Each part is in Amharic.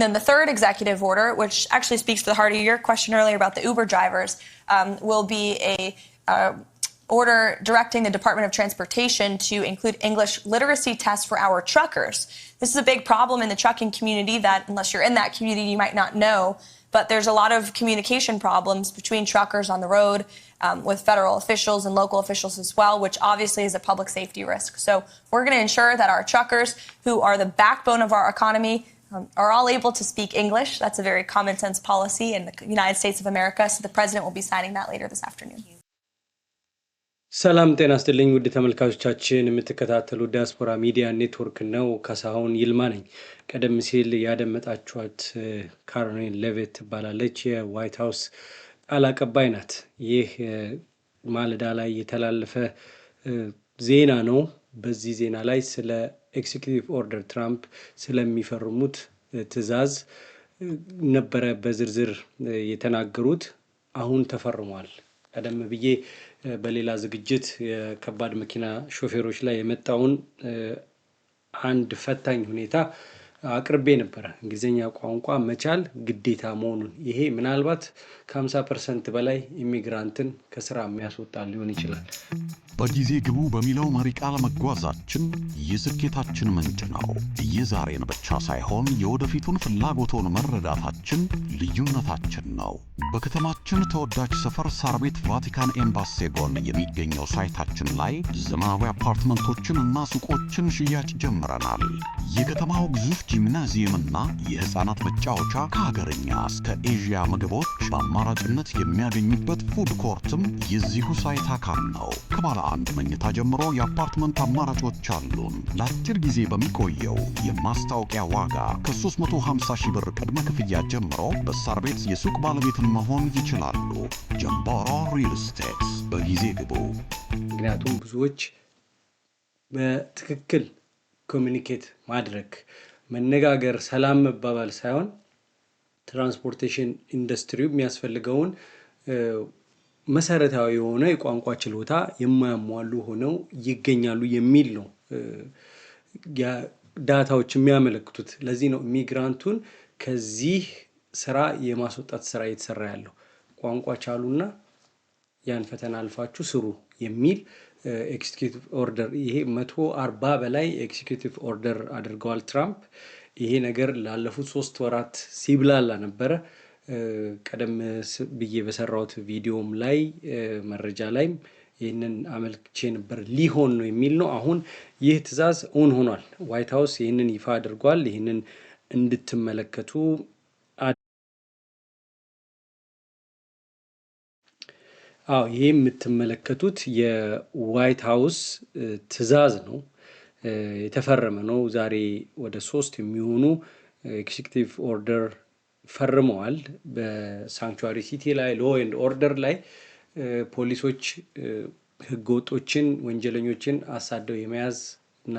And then the third executive order, which actually speaks to the heart of your question earlier about the Uber drivers, um, will be a uh, order directing the Department of Transportation to include English literacy tests for our truckers. This is a big problem in the trucking community that, unless you're in that community, you might not know. But there's a lot of communication problems between truckers on the road um, with federal officials and local officials as well, which obviously is a public safety risk. So we're going to ensure that our truckers, who are the backbone of our economy, um, are all able to speak English. That's a very common sense policy in the United States of America. So the president will be signing that later this afternoon. ሰላም ጤና ስጥልኝ ውድ ተመልካቾቻችን፣ የምትከታተሉት ዲያስፖራ ሚዲያ ኔትወርክ ነው። ካሳሁን ይልማ ነኝ። ቀደም ሲል ያደመጣችኋት ካሮሊን ሌቪት ትባላለች። የዋይት ሀውስ ቃል አቀባይ ናት። ይህ ማለዳ ላይ የተላለፈ ዜና ነው። በዚህ ዜና ላይ ስለ ኤክዚኪቲቭ ኦርደር ትራምፕ ስለሚፈርሙት ትዕዛዝ ነበረ በዝርዝር የተናገሩት። አሁን ተፈርሟል። ቀደም ብዬ በሌላ ዝግጅት የከባድ መኪና ሾፌሮች ላይ የመጣውን አንድ ፈታኝ ሁኔታ አቅርቤ ነበረ። እንግሊዝኛ ቋንቋ መቻል ግዴታ መሆኑን ይሄ ምናልባት ከ50 ፐርሰንት በላይ ኢሚግራንትን ከስራ የሚያስወጣ ሊሆን ይችላል። በጊዜ ግቡ በሚለው መሪ ቃል መጓዛችን የስኬታችን ምንጭ ነው። የዛሬን ብቻ ሳይሆን የወደፊቱን ፍላጎቶን መረዳታችን ልዩነታችን ነው። በከተማችን ተወዳጅ ሰፈር ሳር ቤት ቫቲካን ኤምባሲ ጎን የሚገኘው ሳይታችን ላይ ዘመናዊ አፓርትመንቶችን እና ሱቆችን ሽያጭ ጀምረናል። የከተማው ግዙፍ ጂምናዚየም እና የሕፃናት መጫወቻ ከሀገርኛ እስከ ኤዥያ ምግቦች በአማራጭነት የሚያገኙበት ፉድ ኮርትም የዚሁ ሳይት አካል ነው። ከባለ ከአንድ መኝታ ጀምሮ የአፓርትመንት አማራጮች አሉን። ለአጭር ጊዜ በሚቆየው የማስታወቂያ ዋጋ ከ350 ሺህ ብር ቅድመ ክፍያ ጀምሮ በሳር ቤት የሱቅ ባለቤትን መሆን ይችላሉ። ጀምባሮ ሪል ስቴት በጊዜ ግቡ። ምክንያቱም ብዙዎች በትክክል ኮሚኒኬት ማድረግ መነጋገር፣ ሰላም መባባል ሳይሆን ትራንስፖርቴሽን ኢንዱስትሪው የሚያስፈልገውን መሰረታዊ የሆነ የቋንቋ ችሎታ የማያሟሉ ሆነው ይገኛሉ የሚል ነው ዳታዎች የሚያመለክቱት። ለዚህ ነው ኢሚግራንቱን ከዚህ ስራ የማስወጣት ስራ እየተሰራ ያለው። ቋንቋ ቻሉና ያን ፈተና አልፋችሁ ስሩ የሚል ኤክስኪዩቲቭ ኦርደር ይሄ መቶ አርባ በላይ ኤክስኪዩቲቭ ኦርደር አድርገዋል ትራምፕ። ይሄ ነገር ላለፉት ሶስት ወራት ሲብላላ ነበረ። ቀደም ብዬ በሰራሁት ቪዲዮም ላይ መረጃ ላይም ይህንን አመልክቼ ነበር። ሊሆን ነው የሚል ነው። አሁን ይህ ትዕዛዝ እውን ሆኗል። ዋይት ሀውስ ይህንን ይፋ አድርጓል። ይህንን እንድትመለከቱ አዎ ይህ የምትመለከቱት የዋይት ሀውስ ትዕዛዝ ነው። የተፈረመ ነው። ዛሬ ወደ ሶስት የሚሆኑ ኤክሴክቲቭ ኦርደር ፈርመዋል። በሳንክቹዋሪ ሲቲ ላይ ሎ ኤንድ ኦርደር ላይ ፖሊሶች ህገወጦችን፣ ወንጀለኞችን አሳደው የመያዝ እና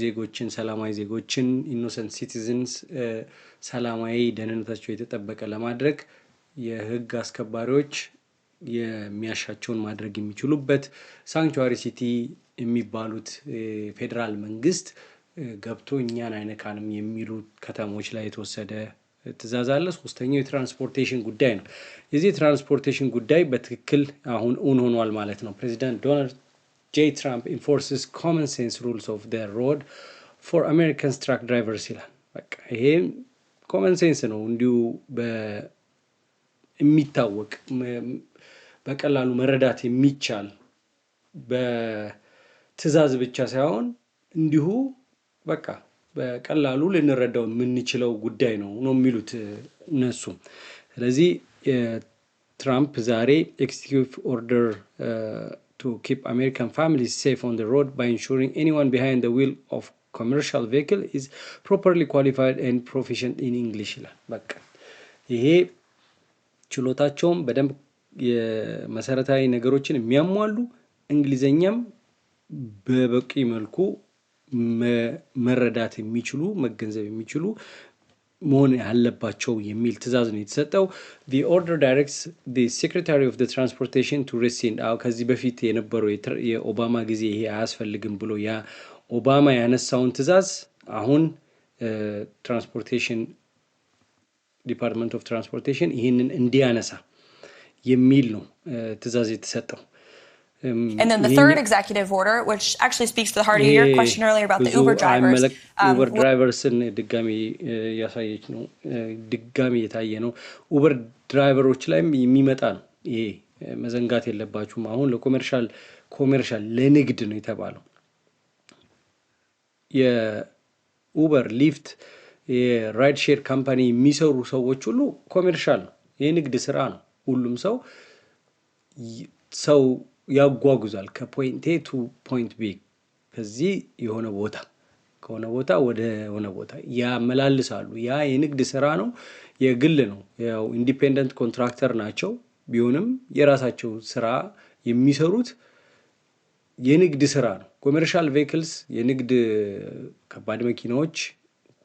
ዜጎችን ሰላማዊ ዜጎችን ኢኖሰንት ሲቲዝንስ ሰላማዊ ደህንነታቸው የተጠበቀ ለማድረግ የህግ አስከባሪዎች የሚያሻቸውን ማድረግ የሚችሉበት ሳንክቹዋሪ ሲቲ የሚባሉት ፌዴራል መንግስት ገብቶ እኛን አይነካንም የሚሉ ከተሞች ላይ የተወሰደ ትእዛዝ አለ። ሶስተኛው የትራንስፖርቴሽን ጉዳይ ነው። የዚህ የትራንስፖርቴሽን ጉዳይ በትክክል አሁን እውን ሆኗል ማለት ነው። ፕሬዚዳንት ዶናልድ ጄ ትራምፕ ኢንፎርስስ ኮመን ሴንስ ሩልስ ኦፍ ደ ሮድ ፎር አሜሪካንስ ትራክ ድራይቨርስ ይላል። በቃ ይሄ ኮመን ሴንስ ነው እንዲሁ የሚታወቅ በቀላሉ መረዳት የሚቻል በትእዛዝ ብቻ ሳይሆን እንዲሁ በቃ በቀላሉ ልንረዳው የምንችለው ጉዳይ ነው ነው የሚሉት እነሱ። ስለዚህ ትራምፕ ዛሬ ኤክስኪዩቲቭ ኦርደር ቱ ኪፕ አሜሪካን ፋሚሊስ ሴፍ ኦን ሮድ ባይ ኢንሹሪንግ ኤኒዋን ቢሃይንድ ዘ ዊል ኦፍ ኮመርሻል ቬክል ኢዝ ፕሮፐርሊ ኳሊፋይድ ኤንድ ፕሮፌሽን ኢን ኢንግሊሽ ይላል። በቃ ይሄ ችሎታቸውም በደንብ የመሰረታዊ ነገሮችን የሚያሟሉ እንግሊዘኛም በበቂ መልኩ መረዳት የሚችሉ መገንዘብ የሚችሉ መሆን ያለባቸው የሚል ትእዛዝ ነው የተሰጠው። the order directs the secretary of the transportation to ከዚህ በፊት የነበረው የኦባማ ጊዜ ይሄ አያስፈልግም ብሎ ያ ኦባማ ያነሳውን ትእዛዝ አሁን ትራንስፖርቴሽን ዲፓርትመንት ኦፍ ትራንስፖርቴሽን ይህንን እንዲያነሳ የሚል ነው ትእዛዝ የተሰጠው። Um, and then the third executive order, which actually speaks to the heart of your question earlier about the Uber drivers. ኡበር ድራይቨርስን um, ድጋሚ uh, ያሳየች ነው። uh, ድጋሚ የታየ ነው። ኡበር ድራይቨሮች ላይም የሚመጣ ነው ይሄ uh, መዘንጋት የለባችሁም። አሁን ለኮሜርሻል ኮሜርሻል ለንግድ ነው የተባለው የኡበር ሊፍት፣ የራይድ ሼር ካምፓኒ የሚሰሩ ሰዎች ሁሉ ኮሜርሻል ነው፣ የንግድ ስራ ነው። ሁሉም ሰው ሰው ያጓጉዛል ከፖይንት ኤ ቱ ፖይንት ቢ ከዚህ የሆነ ቦታ ከሆነ ቦታ ወደ ሆነ ቦታ ያመላልሳሉ። ያ የንግድ ስራ ነው፣ የግል ነው። ያው ኢንዲፔንደንት ኮንትራክተር ናቸው። ቢሆንም የራሳቸው ስራ የሚሰሩት የንግድ ስራ ነው። ኮሜርሻል ቬክልስ የንግድ ከባድ መኪናዎች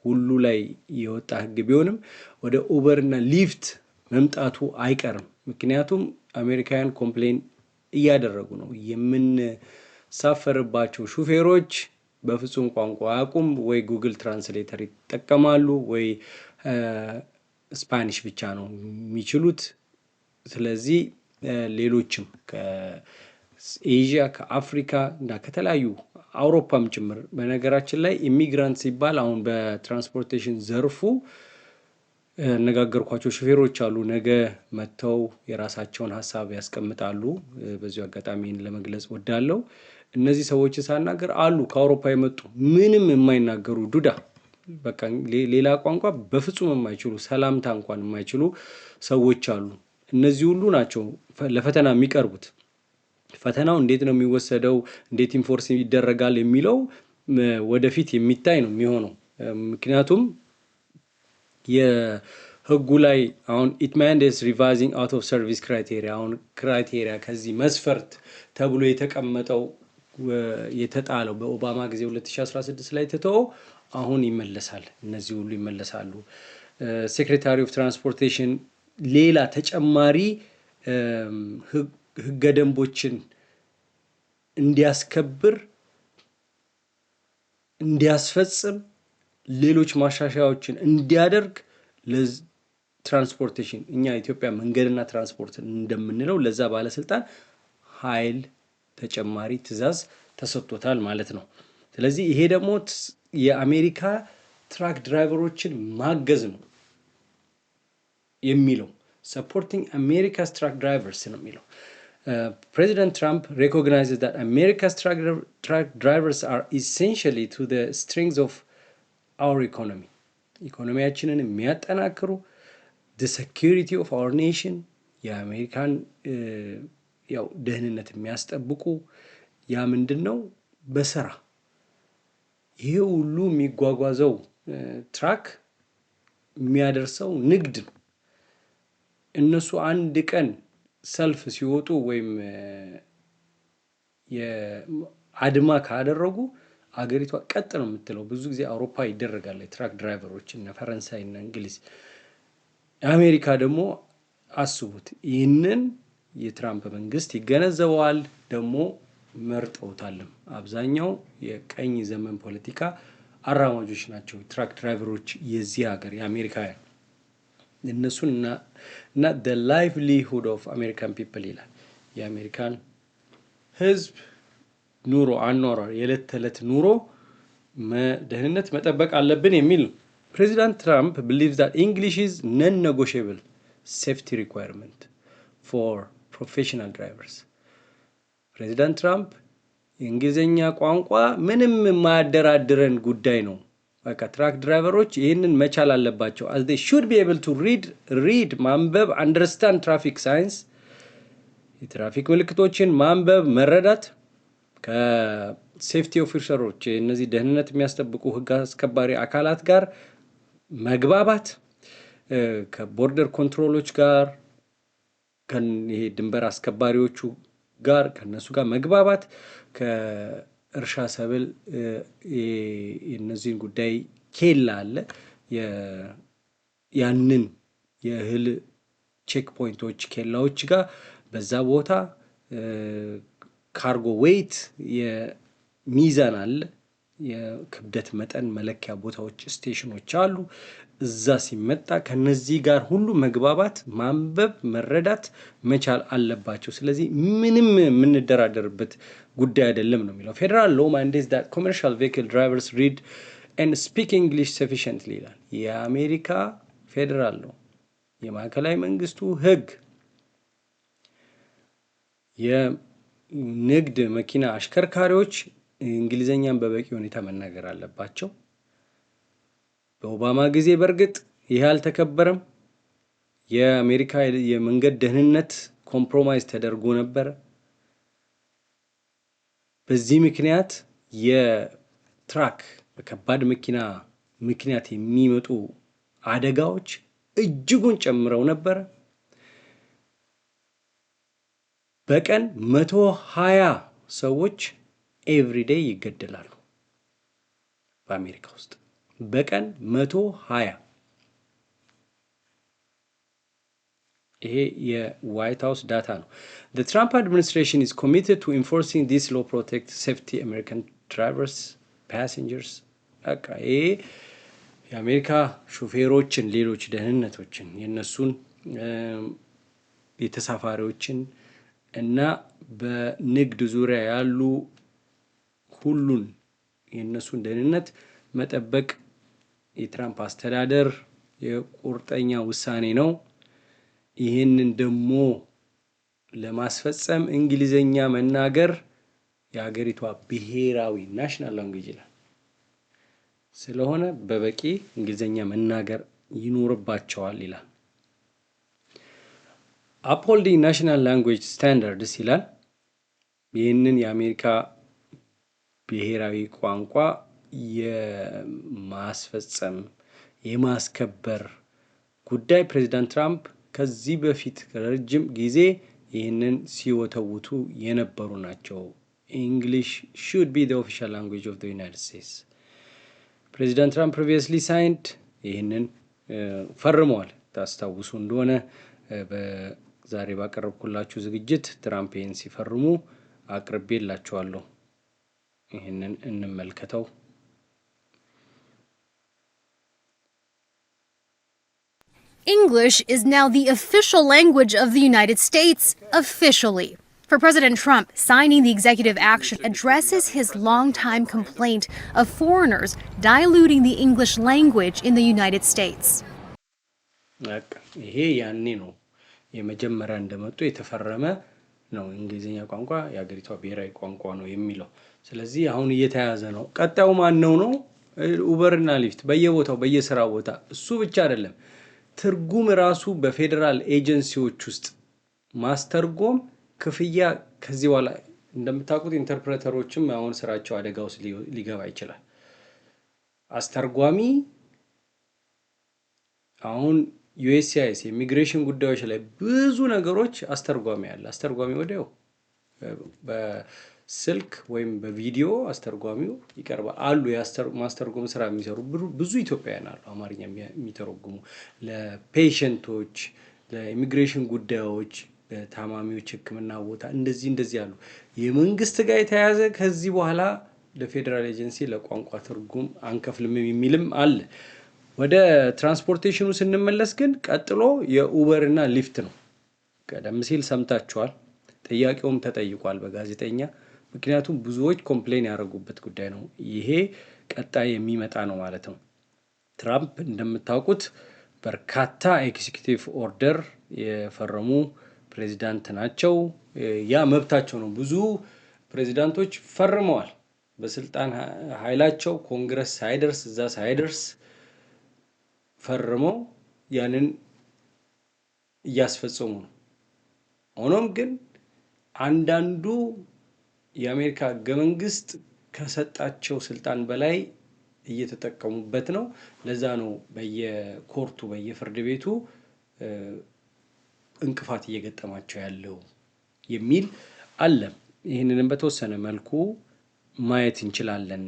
ሁሉ ላይ የወጣ ህግ ቢሆንም ወደ ኡበር እና ሊፍት መምጣቱ አይቀርም። ምክንያቱም አሜሪካውያን ኮምፕሌን እያደረጉ ነው። የምንሳፈርባቸው ሹፌሮች በፍጹም ቋንቋ አያውቁም። ወይ ጉግል ትራንስሌተር ይጠቀማሉ ወይ ስፓኒሽ ብቻ ነው የሚችሉት። ስለዚህ ሌሎችም ከኤዥያ ከአፍሪካ እና ከተለያዩ አውሮፓም ጭምር በነገራችን ላይ ኢሚግራንት ሲባል አሁን በትራንስፖርቴሽን ዘርፉ ያነጋገርኳቸው ሹፌሮች አሉ። ነገ መጥተው የራሳቸውን ሀሳብ ያስቀምጣሉ። በዚሁ አጋጣሚን ለመግለጽ ወዳለው እነዚህ ሰዎች ሳናገር አሉ ከአውሮፓ የመጡ ምንም የማይናገሩ ዱዳ በቃ ሌላ ቋንቋ በፍጹም የማይችሉ ሰላምታ እንኳን የማይችሉ ሰዎች አሉ። እነዚህ ሁሉ ናቸው ለፈተና የሚቀርቡት። ፈተናው እንዴት ነው የሚወሰደው፣ እንዴት ኢንፎርስ ይደረጋል የሚለው ወደፊት የሚታይ ነው የሚሆነው ምክንያቱም የህጉ ላይ አሁን ኢትማንዴስ ሪቫይዚንግ አውት ኦፍ ሰርቪስ ክራይቴሪያ አሁን ክራይቴሪያ ከዚህ መስፈርት ተብሎ የተቀመጠው የተጣለው በኦባማ ጊዜ 2016 ላይ ትተው አሁን ይመለሳል። እነዚህ ሁሉ ይመለሳሉ። ሴክሬታሪ ኦፍ ትራንስፖርቴሽን ሌላ ተጨማሪ ህገ ደንቦችን እንዲያስከብር እንዲያስፈጽም ሌሎች ማሻሻያዎችን እንዲያደርግ ትራንስፖርቴሽን እኛ ኢትዮጵያ መንገድና ትራንስፖርት እንደምንለው ለዛ ባለስልጣን ኃይል ተጨማሪ ትዕዛዝ ተሰጥቶታል ማለት ነው። ስለዚህ ይሄ ደግሞ የአሜሪካ ትራክ ድራይቨሮችን ማገዝ ነው የሚለው ሰፖርቲንግ አሜሪካስ ትራክ ድራይቨርስ ነው የሚለው። ፕሬዚደንት ትራምፕ ሪኮግናይዝ አሜሪካስ ትራክ ድራይቨርስ አር ኢሴንሺያሊ ቱ ስትሪንግስ ኦፍ አወር ኢኮኖሚ ኢኮኖሚያችንን የሚያጠናክሩ ዘ ሴኪሪቲ ኦፍ አወር ኔሽን የአሜሪካን ያው ደህንነት የሚያስጠብቁ ያ ምንድን ነው በስራ ይሄ ሁሉ የሚጓጓዘው ትራክ የሚያደርሰው ንግድ ነው። እነሱ አንድ ቀን ሰልፍ ሲወጡ ወይም የአድማ ካደረጉ አገሪቷ ቀጥ ነው የምትለው። ብዙ ጊዜ አውሮፓ ይደረጋል የትራክ ድራይቨሮች እና ፈረንሳይ እና እንግሊዝ። አሜሪካ ደግሞ አስቡት። ይህንን የትራምፕ መንግስት ይገነዘበዋል፣ ደግሞ መርጠውታልም። አብዛኛው የቀኝ ዘመን ፖለቲካ አራማጆች ናቸው ትራክ ድራይቨሮች የዚህ ሀገር የአሜሪካውያን እነሱን እና ላይቭሊሁድ ኦፍ አሜሪካን ፒፕል ይላል የአሜሪካን ህዝብ ኑሮ አኗሯር የዕለት ተዕለት ኑሮ ደህንነት መጠበቅ አለብን የሚል ነው። ፕሬዚዳንት ትራምፕ ብሊቭ ዛት ኢንግሊሽ ኢዝ ነን ኔጎሽብል ሴፍቲ ሪኳየርመንት ፎር ፕሮፌሽናል ድራይቨርስ። ፕሬዚዳንት ትራምፕ የእንግሊዝኛ ቋንቋ ምንም የማያደራድረን ጉዳይ ነው። በቃ ትራክ ድራይቨሮች ይህንን መቻል አለባቸው። አዝ ዴይ ሹድ ቢ ኤብል ቱ ሪድ ሪድ ማንበብ አንደርስታንድ ትራፊክ ሳይንስ የትራፊክ ምልክቶችን ማንበብ መረዳት ከሴፍቲ ኦፊሰሮች እነዚህ ደህንነት የሚያስጠብቁ ህግ አስከባሪ አካላት ጋር መግባባት ከቦርደር ኮንትሮሎች ጋር ይሄ ድንበር አስከባሪዎቹ ጋር ከነሱ ጋር መግባባት ከእርሻ ሰብል የእነዚህን ጉዳይ ኬላ አለ ያንን የእህል ቼክ ፖይንቶች ኬላዎች ጋር በዛ ቦታ ካርጎ ዌይት የሚዛን አለ። የክብደት መጠን መለኪያ ቦታዎች፣ ስቴሽኖች አሉ። እዛ ሲመጣ ከነዚህ ጋር ሁሉ መግባባት፣ ማንበብ፣ መረዳት መቻል አለባቸው። ስለዚህ ምንም የምንደራደርበት ጉዳይ አይደለም ነው የሚለው። ፌዴራል ሎ ማንዴዝ ዳት ኮመርሻል ቬክል ድራይቨርስ ሪድ ኤንድ ስፒክ እንግሊሽ ሰፊሽንትሊ ይላል። የአሜሪካ ፌዴራል ሎ የማዕከላዊ መንግስቱ ህግ ንግድ መኪና አሽከርካሪዎች እንግሊዘኛን በበቂ ሁኔታ መናገር አለባቸው። በኦባማ ጊዜ በእርግጥ ይህ አልተከበረም። የአሜሪካ የመንገድ ደህንነት ኮምፕሮማይዝ ተደርጎ ነበረ። በዚህ ምክንያት የትራክ በከባድ መኪና ምክንያት የሚመጡ አደጋዎች እጅጉን ጨምረው ነበረ። በቀን 120 ሰዎች ኤቭሪዴይ ይገደላሉ። በአሜሪካ ውስጥ በቀን 120 ይሄ የዋይት ሃውስ ዳታ ነው። the Trump administration is committed to enforcing this law protect safety American drivers passengers በቃ ይሄ የአሜሪካ ሾፌሮችን ሌሎች ደህንነቶችን የእነሱን የተሳፋሪዎችን እና በንግድ ዙሪያ ያሉ ሁሉን የእነሱን ደህንነት መጠበቅ የትራምፕ አስተዳደር የቁርጠኛ ውሳኔ ነው። ይህንን ደግሞ ለማስፈጸም እንግሊዘኛ መናገር የሀገሪቷ ብሔራዊ ናሽናል ላንጉጅ ይላል። ስለሆነ በበቂ እንግሊዘኛ መናገር ይኖርባቸዋል ይላል። አፖልዲ ናሽናል ላንጉጅ ስታንዳርድስ ይላል። ይህንን የአሜሪካ ብሔራዊ ቋንቋ የማስፈጸም የማስከበር ጉዳይ ፕሬዚዳንት ትራምፕ ከዚህ በፊት ረጅም ጊዜ ይህንን ሲወተውቱ የነበሩ ናቸው። ኢንግሊሽ ሹድ ቢ ኦፊሻል ላንጉዌጅ ኦፍ ዩናይትድ ስቴትስ ፕሬዚዳንት ትራምፕ ፕሪቪየስሊ ሳይንድ ይህንን ፈርመዋል። ታስታውሱ እንደሆነ ዛሬ ባቀረብኩላችሁ ዝግጅት ትራምፕ ይህን ሲፈርሙ አቅርቤላችኋለሁ። ይህንን እንመልከተው። English is now the official language of the United States, officially. For President Trump, signing the executive action addresses his longtime complaint of foreigners diluting the English language in the United States. የመጀመሪያ እንደመጡ የተፈረመ ነው። እንግሊዝኛ ቋንቋ የሀገሪቷ ብሔራዊ ቋንቋ ነው የሚለው። ስለዚህ አሁን እየተያዘ ነው። ቀጣዩ ማነው ነው? ኡበርና ሊፍት በየቦታው በየስራ ቦታ እሱ ብቻ አይደለም። ትርጉም ራሱ በፌዴራል ኤጀንሲዎች ውስጥ ማስተርጎም ክፍያ ከዚህ በኋላ እንደምታውቁት ኢንተርፕሬተሮችም አሁን ስራቸው አደጋ ውስጥ ሊገባ ይችላል። አስተርጓሚ አሁን ዩኤስሲአይኤስ የኢሚግሬሽን ጉዳዮች ላይ ብዙ ነገሮች አስተርጓሚ አለ። አስተርጓሚ ወዲያው በስልክ ወይም በቪዲዮ አስተርጓሚው ይቀርባል አሉ። ማስተርጎም ስራ የሚሰሩ ብዙ ኢትዮጵያውያን አሉ፣ አማርኛ የሚተረጉሙ ለፔሸንቶች፣ ለኢሚግሬሽን ጉዳዮች፣ ለታማሚዎች ሕክምና ቦታ እንደዚህ እንደዚህ አሉ። የመንግስት ጋር የተያያዘ ከዚህ በኋላ ለፌዴራል ኤጀንሲ ለቋንቋ ትርጉም አንከፍልም የሚልም አለ። ወደ ትራንስፖርቴሽኑ ስንመለስ ግን ቀጥሎ የኡበር እና ሊፍት ነው። ቀደም ሲል ሰምታችኋል፣ ጥያቄውም ተጠይቋል በጋዜጠኛ ምክንያቱም ብዙዎች ኮምፕሌን ያደረጉበት ጉዳይ ነው። ይሄ ቀጣይ የሚመጣ ነው ማለት ነው። ትራምፕ እንደምታውቁት በርካታ ኤክዚኪቲቭ ኦርደር የፈረሙ ፕሬዚዳንት ናቸው። ያ መብታቸው ነው። ብዙ ፕሬዚዳንቶች ፈርመዋል። በስልጣን ኃይላቸው ኮንግረስ ሳይደርስ እዛ ሳይደርስ ፈርመው ያንን እያስፈጸሙ ነው። ሆኖም ግን አንዳንዱ የአሜሪካ ህገ መንግስት ከሰጣቸው ስልጣን በላይ እየተጠቀሙበት ነው። ለዛ ነው በየኮርቱ በየፍርድ ቤቱ እንቅፋት እየገጠማቸው ያለው የሚል አለ። ይህንንም በተወሰነ መልኩ ማየት እንችላለን።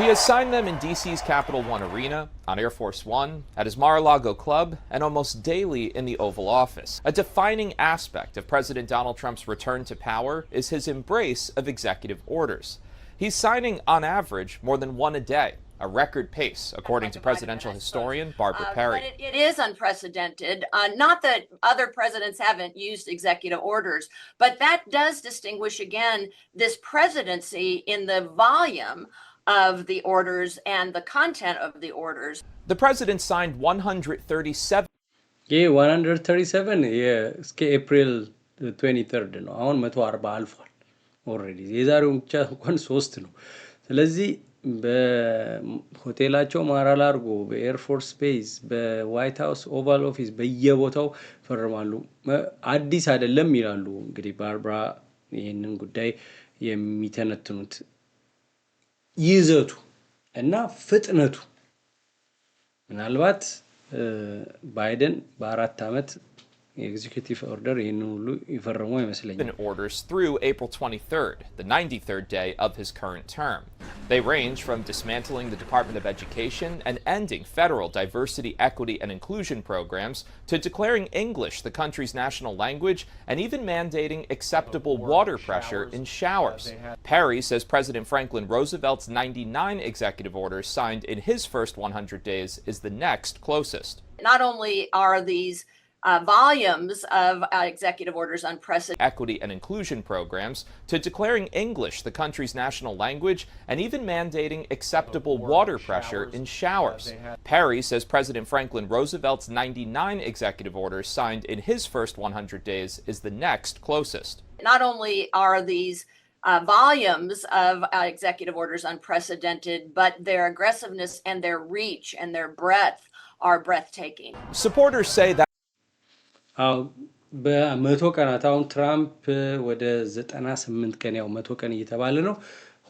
He has signed them in DC's Capital One Arena, on Air Force One, at his Mar a Lago club, and almost daily in the Oval Office. A defining aspect of President Donald Trump's return to power is his embrace of executive orders. He's signing, on average, more than one a day, a record pace, according to presidential historian Barbara uh, Perry. It, it is unprecedented. Uh, not that other presidents haven't used executive orders, but that does distinguish again this presidency in the volume of the orders and the content of the orders. The president signed 137. Yeah, 137. Yeah, it's April 23rd. I'm going to go to the already. በሆቴላቸው ማራላርጎ በኤርፎርስ ቤዝ በዋይት ሀውስ ኦቫል ኦፊስ በየቦታው ፈርማሉ አዲስ አይደለም ይላሉ እንግዲህ ባርብራ ይህንን ጉዳይ የሚተነትኑት ይዘቱ እና ፍጥነቱ ምናልባት ባይደን በአራት ዓመት ኤግዚኪቲቭ ኦርደር ይህን ሁሉ ይፈረሙ orders through April 23rd, the 93rd day of his current term. They range from dismantling the Department of Education and ending federal diversity, equity, and inclusion programs to declaring English the country's national language and even mandating acceptable water pressure in showers. Perry says President Franklin Roosevelt's 99 executive orders signed in his first 100 days is the next closest. Not only are these uh, volumes of uh, executive orders on press equity and inclusion programs to declaring English the country's national language and even mandating acceptable water pressure in showers. Perry says President Franklin Roosevelt's 99 executive orders signed in his first 100 days is the next closest. Not only are these uh, volumes of uh, executive orders unprecedented, but their aggressiveness and their reach and their breadth are breathtaking. Supporters say that. በመቶ ቀናት አሁን ትራምፕ ወደ ዘጠና ስምንት ቀን ያው መቶ ቀን እየተባለ ነው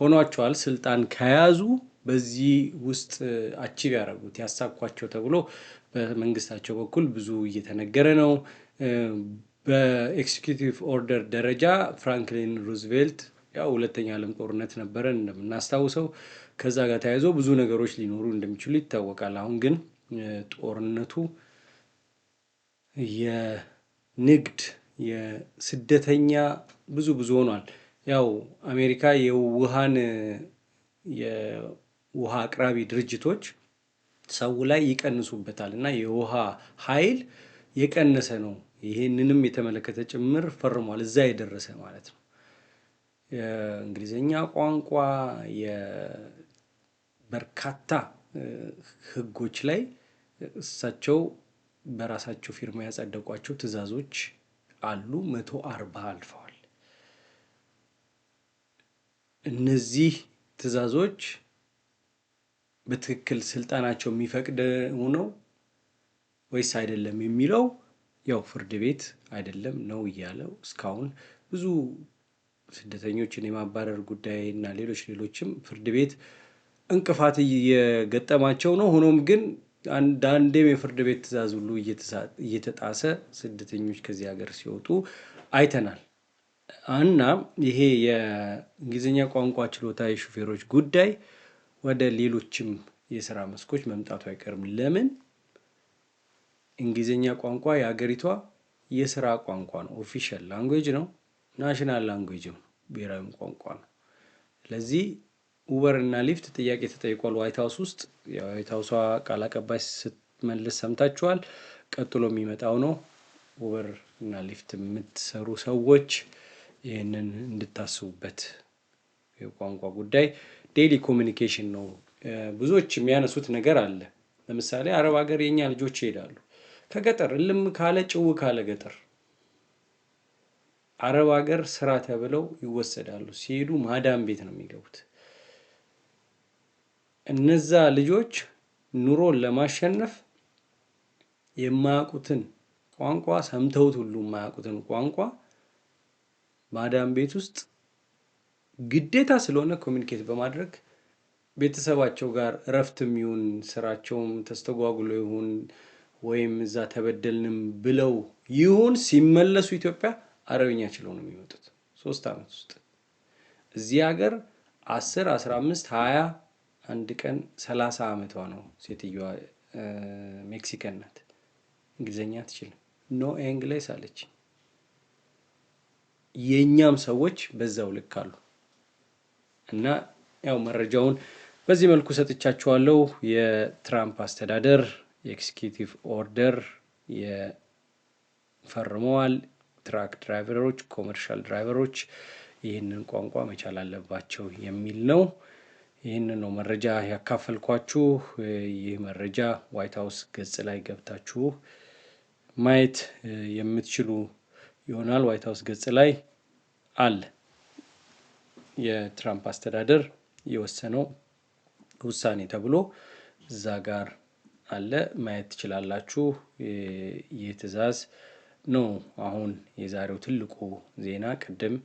ሆኗቸዋል ስልጣን ከያዙ በዚህ ውስጥ አቺቭ ያደረጉት ያሳኳቸው ተብሎ በመንግስታቸው በኩል ብዙ እየተነገረ ነው። በኤክስኪዩቲቭ ኦርደር ደረጃ ፍራንክሊን ሩዝቬልት ያው ሁለተኛ ዓለም ጦርነት ነበረ እንደምናስታውሰው። ከዛ ጋር ተያይዞ ብዙ ነገሮች ሊኖሩ እንደሚችሉ ይታወቃል። አሁን ግን ጦርነቱ የንግድ የስደተኛ ብዙ ብዙ ሆኗል። ያው አሜሪካ የውሃን የውሃ አቅራቢ ድርጅቶች ሰው ላይ ይቀንሱበታል እና የውሃ ኃይል የቀነሰ ነው ይህንንም የተመለከተ ጭምር ፈርሟል እዛ የደረሰ ማለት ነው። የእንግሊዘኛ ቋንቋ የበርካታ ህጎች ላይ እሳቸው በራሳቸው ፊርማ ያጸደቋቸው ትእዛዞች አሉ። መቶ አርባ አልፈዋል። እነዚህ ትእዛዞች በትክክል ስልጣናቸው የሚፈቅድ ሆነው ወይስ አይደለም የሚለው ያው ፍርድ ቤት አይደለም ነው እያለው እስካሁን ብዙ ስደተኞችን የማባረር ጉዳይ እና ሌሎች ሌሎችም ፍርድ ቤት እንቅፋት እየገጠማቸው ነው። ሆኖም ግን አንዳንዴም የፍርድ ቤት ትዕዛዝ ሁሉ እየተጣሰ ስደተኞች ከዚህ ሀገር ሲወጡ አይተናል እና ይሄ የእንግሊዝኛ ቋንቋ ችሎታ የሹፌሮች ጉዳይ ወደ ሌሎችም የስራ መስኮች መምጣቱ አይቀርም። ለምን እንግሊዝኛ ቋንቋ የሀገሪቷ የስራ ቋንቋ ነው፣ ኦፊሻል ላንጉጅ ነው፣ ናሽናል ነው፣ ብሔራዊም ቋንቋ ነው። ስለዚህ ኡበር እና ሊፍት ጥያቄ ተጠይቋል ዋይት ሀውስ ውስጥ። የዋይት ሀውሷ ቃል አቀባይ ስትመልስ ሰምታችኋል። ቀጥሎ የሚመጣው ነው። ኡበር እና ሊፍት የምትሰሩ ሰዎች ይህንን እንድታስቡበት የቋንቋ ጉዳይ ዴይሊ ኮሚኒኬሽን ነው። ብዙዎች የሚያነሱት ነገር አለ። ለምሳሌ አረብ ሀገር የኛ ልጆች ይሄዳሉ። ከገጠር እልም ካለ ጭው ካለ ገጠር አረብ ሀገር ስራ ተብለው ይወሰዳሉ። ሲሄዱ ማዳም ቤት ነው የሚገቡት። እነዛ ልጆች ኑሮን ለማሸነፍ የማያውቁትን ቋንቋ ሰምተውት ሁሉ የማያውቁትን ቋንቋ ማዳም ቤት ውስጥ ግዴታ ስለሆነ ኮሚኒኬት በማድረግ ቤተሰባቸው ጋር እረፍትም ይሁን ስራቸውም ተስተጓጉሎ ይሁን ወይም እዛ ተበደልንም ብለው ይሁን ሲመለሱ ኢትዮጵያ አረብኛ ችለው ነው የሚመጡት። ሶስት ዓመት ውስጥ እዚህ ሀገር አስር አስራ አምስት ሀያ አንድ ቀን ሰላሳ ዓመቷ ነው። ሴትዮዋ ሜክሲከን ናት። እንግሊዝኛ አትችልም። ኖ ኤንግሌስ አለች። የእኛም ሰዎች በዛው ልክ አሉ እና ያው መረጃውን በዚህ መልኩ ሰጥቻችኋለሁ። የትራምፕ አስተዳደር የኤክስኪቲቭ ኦርደር የፈርመዋል። ትራክ ድራይቨሮች፣ ኮመርሻል ድራይቨሮች ይህንን ቋንቋ መቻል አለባቸው የሚል ነው። ይህንን ነው መረጃ ያካፈልኳችሁ። ይህ መረጃ ዋይት ሀውስ ገጽ ላይ ገብታችሁ ማየት የምትችሉ ይሆናል። ዋይት ሀውስ ገጽ ላይ አለ። የትራምፕ አስተዳደር የወሰነው ውሳኔ ተብሎ እዛ ጋር አለ፣ ማየት ትችላላችሁ። ይህ ትዕዛዝ ነው አሁን የዛሬው ትልቁ ዜና ቅድም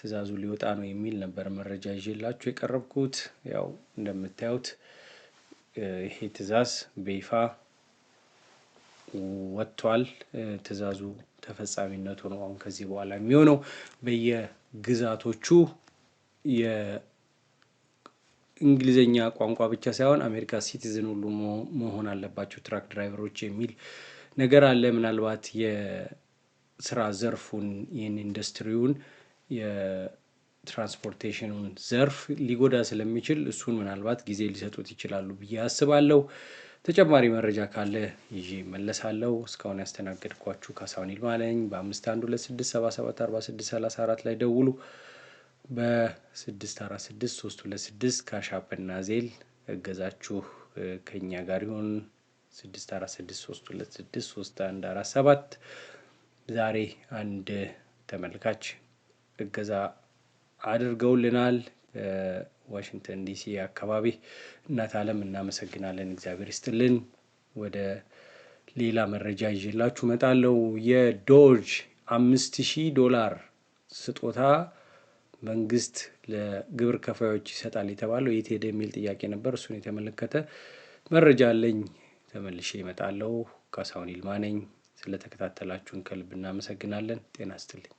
ትእዛዙ ሊወጣ ነው የሚል ነበር መረጃ ይዤላችሁ የቀረብኩት። ያው እንደምታዩት ይሄ ትእዛዝ በይፋ ወጥቷል። ትእዛዙ ተፈጻሚነቱ ነው አሁን ከዚህ በኋላ የሚሆነው በየግዛቶቹ የእንግሊዝኛ ቋንቋ ብቻ ሳይሆን አሜሪካ ሲቲዝን ሁሉ መሆን አለባቸው ትራክ ድራይቨሮች የሚል ነገር አለ። ምናልባት የስራ ዘርፉን ይህን ኢንዱስትሪውን የትራንስፖርቴሽኑን ዘርፍ ሊጎዳ ስለሚችል እሱን ምናልባት ጊዜ ሊሰጡት ይችላሉ ብዬ አስባለሁ። ተጨማሪ መረጃ ካለ ይዤ እመለሳለሁ። እስካሁን ያስተናገድኳችሁ ካሳሁን ይልማ ነኝ። በአምስት አንድ ሁለት ስድስት ሰባ ሰባት አርባ ስድስት ሰላሳ አራት ላይ ደውሉ። በስድስት አራት ስድስት ሶስት ሁለት ስድስት ካሻፕና ዜል እገዛችሁ ከኛ ጋር ይሁን። ስድስት አራት ስድስት ሶስት ሁለት ስድስት ሶስት አንድ አራት ሰባት ዛሬ አንድ ተመልካች እገዛ አድርገውልናል። ዋሽንግተን ዲሲ አካባቢ እናት አለም እናመሰግናለን። እግዚአብሔር ይስጥልን። ወደ ሌላ መረጃ ይዤላችሁ መጣለው። የዶጅ አምስት ሺህ ዶላር ስጦታ መንግስት ለግብር ከፋዮች ይሰጣል የተባለው የት ሄደ የሚል ጥያቄ ነበር። እሱን የተመለከተ መረጃ አለኝ። ተመልሼ እመጣለሁ። ካሳሁን ይልማ ነኝ። ስለተከታተላችሁን ከልብ እናመሰግናለን። ጤና ይስጥልኝ።